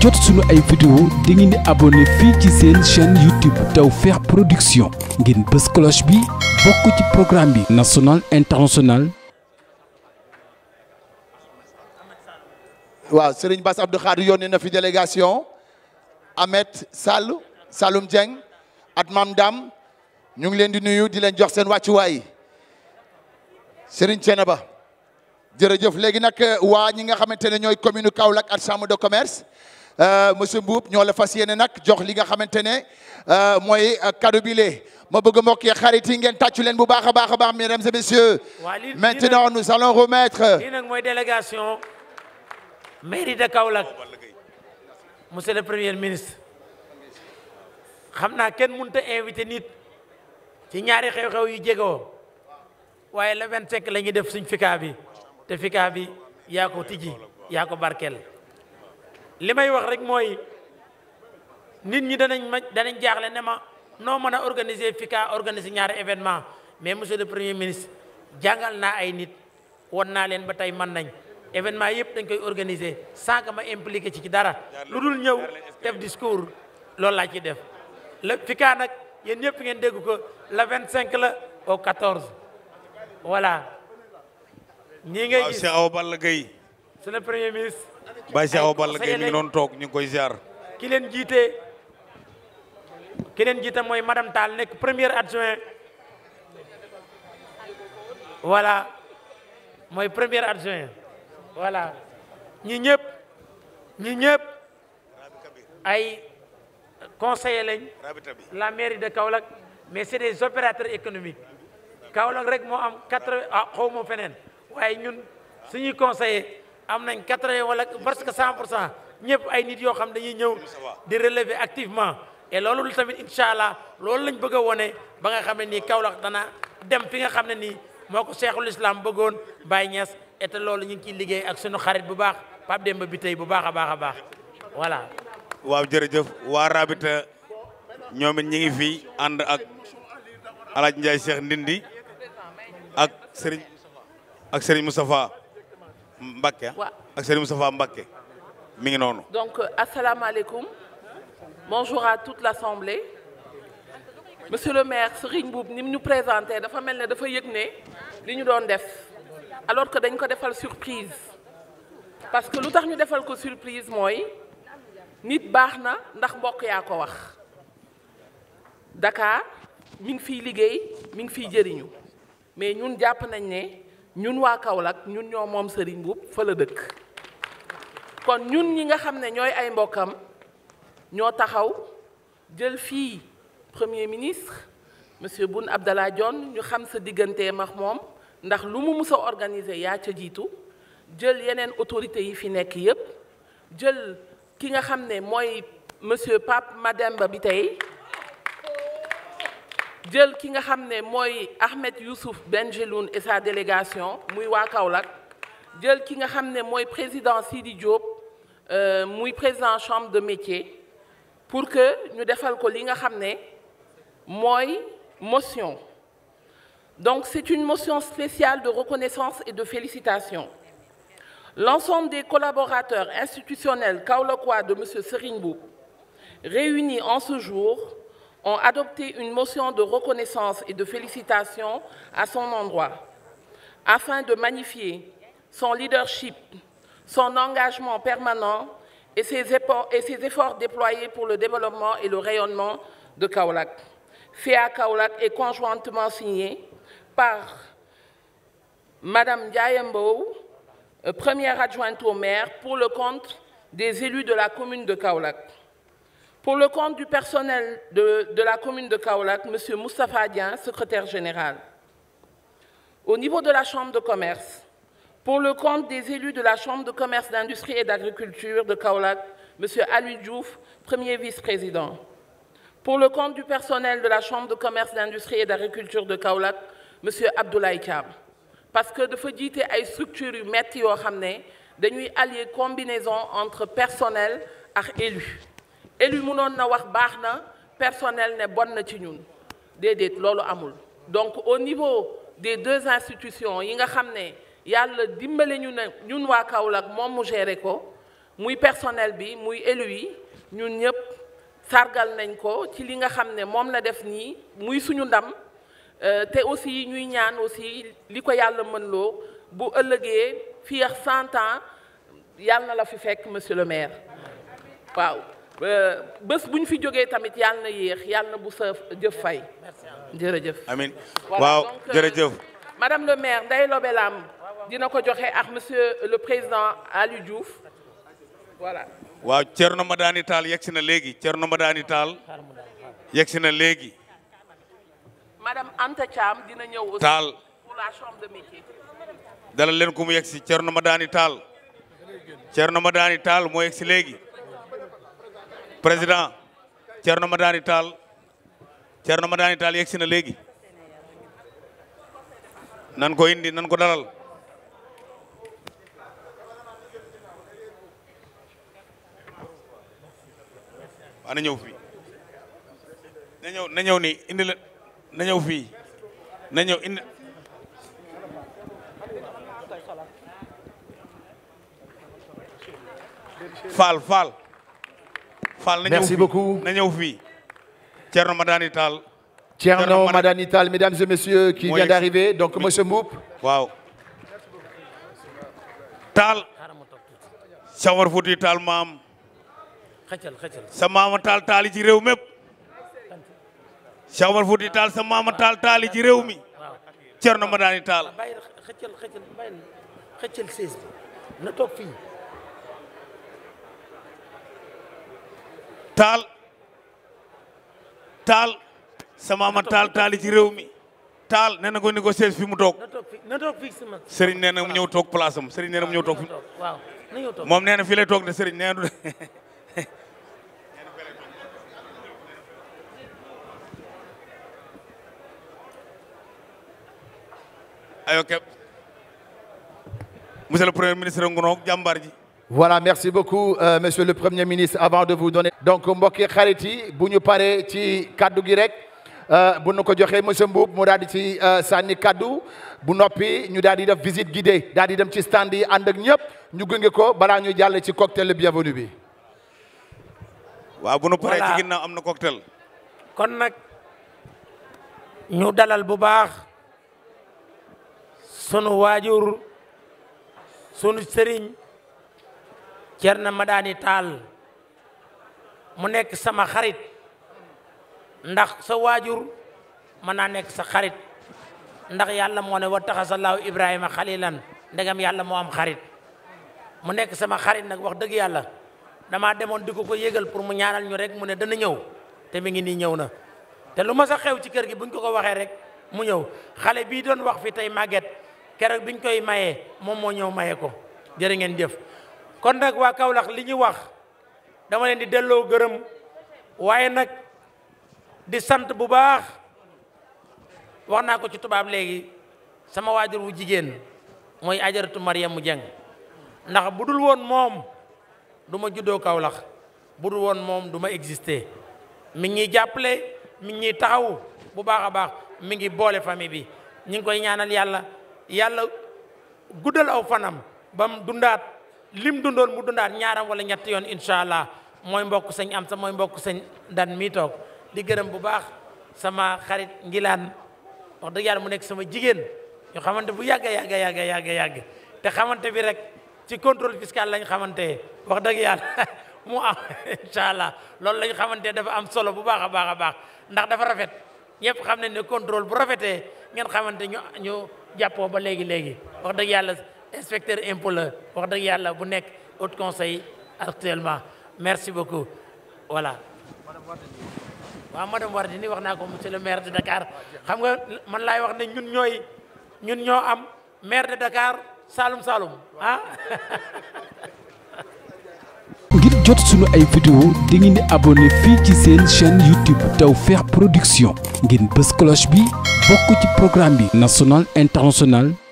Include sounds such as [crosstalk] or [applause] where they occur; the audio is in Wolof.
jot suñu ay vidéo da ngeen di abonné fii ci seen chaîne YouTube Tawfekh Production ngeen bës cloche bi bokk ci programme bi national international waaw Serigne Bass Abdou Khadre ne na fi délégation Ahmed Sall Saloum Dieng ak Mame Dame ñu ngi leen di nuyu di leen jox seen wàccuwaay sëriñ Serigne Thiénaba jërëjëf léegi nag waa ñi nga xamante ne ñooy commune Kaolack ak chambre de commerce Euh, monsieur Mbuub ñoo la fas yéene nag jox li nga xamante ne euh, mooy euh, cadeau bi lee ma bëgg mbokk yi xarit yi ngeen tàccu leen bu baax a baax a baax mesdames et messieurs. maintenant nous allons remettre. lii nag mooy délégation mairie de Kaolack monsieur le premier ministre xam naa kenn mënut a invité nit ci ñaari xew-xew yu jegewoo waaye le 25 la ñuy def suñ fika bi te fika bi yaa ko tijji yaa ko barkeel. li may wax rek mooy nit ñi danañ ma danañ jaaxle ne ma noo mën a organiser FICCA organiser ñaari événement mais monsieur le premier ministre jàngal naa ay nit won naa leen ba tey man nañ événement yëpp dañ koy organiser sans ma impliqué ci ci dara lu dul ñëw def discours loolu laa ciy def la FICCA nag yéen ñëpp ngeen dégg ko la 25 la au 14 voilà ñii ngay gis waaw le premier ministre Baye Cheikh Awa Balla Gaye noonu toog ñu ngi koy ziar. ki leen jiite ki leen jiite mooy madame Tall nekk premier adjoint voilà mooy premier adjoint voilà ñi ñëpp ñi ñëpp ay conseillers lañ la mairie de Kaolack mais c'est des opérateurs économiques Kaolack rek moo am quatre ah xaw ma feneen waaye ñun suñuy conseillers. am nañ quatre-vingts wala presque cent pour cent ñëpp ay nit yoo xam dañuy ñëw di relever activement et loolu tamit incha allah loolu lañ bëgg a wone ba nga xam ne nii Kaolack dana dem fi nga xam ne nii moo ko Cheikhul Islam bëggoon Baye Niass et te loolu ñu ngi liggéey ak sunu xarit bu baax Pape Demba bi tey bu baax a baax a baax voilà. waaw jërëjëf waa Rabita ñoom it ngi fi ànd ak El Hadj Ndiaye Cheikh Ndindi ak Serigne ak Serigne Mbakke ak Serigne Moustapha Mbakke mi ngi noonu. donc asalaamaaleykum bonjour à toute l'assemblée monsieur le maire Serigne Mboup ni mu ñu présenté dafa mel ne dafa yëg ne li ñu doon def alors que dañ ko defal surprise parce que lu tax ñu defal ko surprise mooy nit baax na ndax mbokk yaa ko wax Dakar mi ngi fiy liggéey mi ngi fiy jëriñu mais ñun jàpp nañ ne. ñun waa Kaolack ñun ñoo moom Serigne Mboup fa la dëkk kon ñun ñi nga xam ne ñooy ay mbokkam ñoo taxaw jël fii premier ministre mosieur Boun Abdallah Dionne ñu xam sa digganteem ak moom ndax lu mu mus a organiser yaa ca jiitu jël yeneen autorités yi fi nekk yépp jël ki nga xam ne mooy monsieur Pape Mademba bi tey jël ki nga xam ne mooy Ahmed Youssouf Benjeloun et sa délégation muy waa Kaolack jël ki nga xam ne mooy président Sidi Diop euh, muy président chambre de métier pour que ñu defal ko li nga xam ne mooy motion donc c'est une motion spéciale de reconnaissance et de félicitations l'ensemble des collaborateurs institutionnels kaolackois de monsieur Serigne Mboup en ce jour ont adopté une motion de reconnaissance et de félicitation à son endroit, afin de magnifier son leadership, son engagement permanent et ses, efforts déployés pour le développement et le rayonnement de Kaolac. FEA Kaolac est conjointement signé par Madame Diayembo, euh, première adjointe au maire, pour le compte des élus de la commune de Kaolac. Pour le compte du personnel de, la commune de Kaolac, M. Moustapha Adien, secrétaire général. Au niveau de la Chambre de commerce, pour le compte des élus de la Chambre de commerce, d'industrie et d'agriculture de Kaolac, M. Ali Diouf, premier vice-président. Pour le compte du personnel de la Chambre de commerce, d'industrie et d'agriculture de Kaolack, M. Abdoulaye Thiam. parce que dafa jiite ay structures yu metti yoo xam ne dañuy allier combinaison entre personnel ak élu. élu mënoon na wax baax na personnel ne bon na ci ñun déedéet loolu amul donc au niveau des deux institutions yi nga xam ne yàlla dimbale ñu ne ñun waa Kaolack moom mu géré ko muy personnel bi muy élu yi ñun ñëpp sargal nañ ko ci li nga xam ne moom la def nii muy suñu ndam euh, te aussi ñuy ñaan aussi li ko yàlla mën loo bu ëllëgee fii ak cent ans yàlla na la fi fekk monsieur le maire waaw Euh, bés bu ñu fi jógee tamit yàlla na yéex yàlla na bu sa jëf fay. jërëjëf. amiin waaw euh, jërëjëf. madame le maire Ndeye Lobé dina ko joxe ak monsieur le président Aliou Diouf voilà. waaw Thierno Madani Tall yegg si na léegi Thierno Madani Tall yegg si na léegi. madame Anta Thiam dina ñëw taal Tall pour la chambre de métier. dalal leen ku mu yegg si Thierno Madani Tall. Thierno Madani Tall moo yegg si léegi. président Thierno Madani Tall Thierno Madani Tall yegsi na léegi nan ko indi nan ko dalal waa na ñëw fii na ñëw na ñëw nii indi la na ñëw fii na ñëw indi faal faal Fall na ñëw merci beaucoup na ñëw fii. Thierno Madani Tall. Thierno mesdames et messieurs qui vient d'arriver donc monsieur Mboup. waaw. Tall. sa war fuuti maam. sa maama Tall Tall ci réew mépp Cheikh Omar Fouti Tall sa maama Tall ci réew mi Thierno Madani taal taal sama ma taal taali ci réew mi taal nee na ko ni ko sees fi mu toog sëriñ nee na mu ñëw toog place am sëriñ nee na mu ñëw moom nee na fii lay de sëriñ nee na du [laughs] ayo kep premier ministre ngonoog jàmbaar ji voilà merci beaucoup euh, monsieur le premier ministre avant de vous donner donc mbokki xarit yi bu ñu pare ci kaddu gi rek euh, bu nu ko joxe monsieur Mboup mu daal di ci euh, sànni kaddu bu noppi ñu daal di def visite guidée daal di dem ci stand yi ànd ak ñëpp ñu gunge ko balaa ñuy jàll ci cocktail bienvenue bi. waaw bu nu paree ci am na cocktail. kon nag ñu dalal bu baax sunu waajur sunu sëriñ. Cerno Madani Taal mu nekk sama xarit ndax sa waajur mën naa nekk sa xarit ndax yàlla moo ne wa taxasalaahu Ibrahima xalilan ndegam yàlla moo am xarit mu nekk sama xarit nag wax dëgg yàlla damaa demoon di ko ko yëgal pour mu ñaanal ñu rek mu ne dana ñëw te mi ngi nii ñëw na te lu ma sa xew ci kër gi buñ ko ko waxee rek mu ñëw xale bii doon wax fi tey màgget keroog biñ koy mayee moom moo ñëw maye ko jërë ngeen jëf kon nag waa kawlak li ñu wax dama leen di delloo gërëm waaye nag di sant bu baax wax naa ko ci tubaab léegi sama waajur wu jigéen mooy ajaratu Mariamu Jeng ndax bu dul woon moom duma ma juddoo Kaolack bu woon moom duma ma mi ngi ñuy jàppale mi ngi ñuy taxaw bu baax a baax mi ngi boole famille bi ñu ngi koy ñaanal yàlla yàlla guddal aw fanam bam dundaat lim dundoon mu dundaat ñaaram wala ñett yoon incha allah mooy mbokk sëñ am sa mooy mbokk sëñ dan mii toog di gërëm bu baax sama xarit ngilaan wax dëgg yàlla mu nekk sama jigéen ñu xamante bu yàgg yàgg yàgg yàgg yàgg te xamante bi rek ci contrôle fiscal lañ xamante wax dëgg yàlla [laughs] mu am [laughs] incha allah loolu lañ xamante dafa am solo bu baax a baax a baax ndax dafa rafet ñëpp xam nañ ne contrôle bu rafetee ngeen xamante ñu ñu jàppoo ba léegi léegi wax dëgg yàlla inspecteur impôt la wax dëgg yàlla bu nekk haut conseil actuellement merci beaucoup voilà. waaw madame Wardini wax naa ko monsieur le maire de Dakar xam nga man laay wax ne ñun ñooy ñun ñoo am maire de Dakar Saloum Saloum ah. [laughs] ngir jot sunu ay vidéo di ngeen di abonné fii ci seen chaîne YouTube Tawfekh Production ngeen bës cloche bi bokk ci programme bi national international.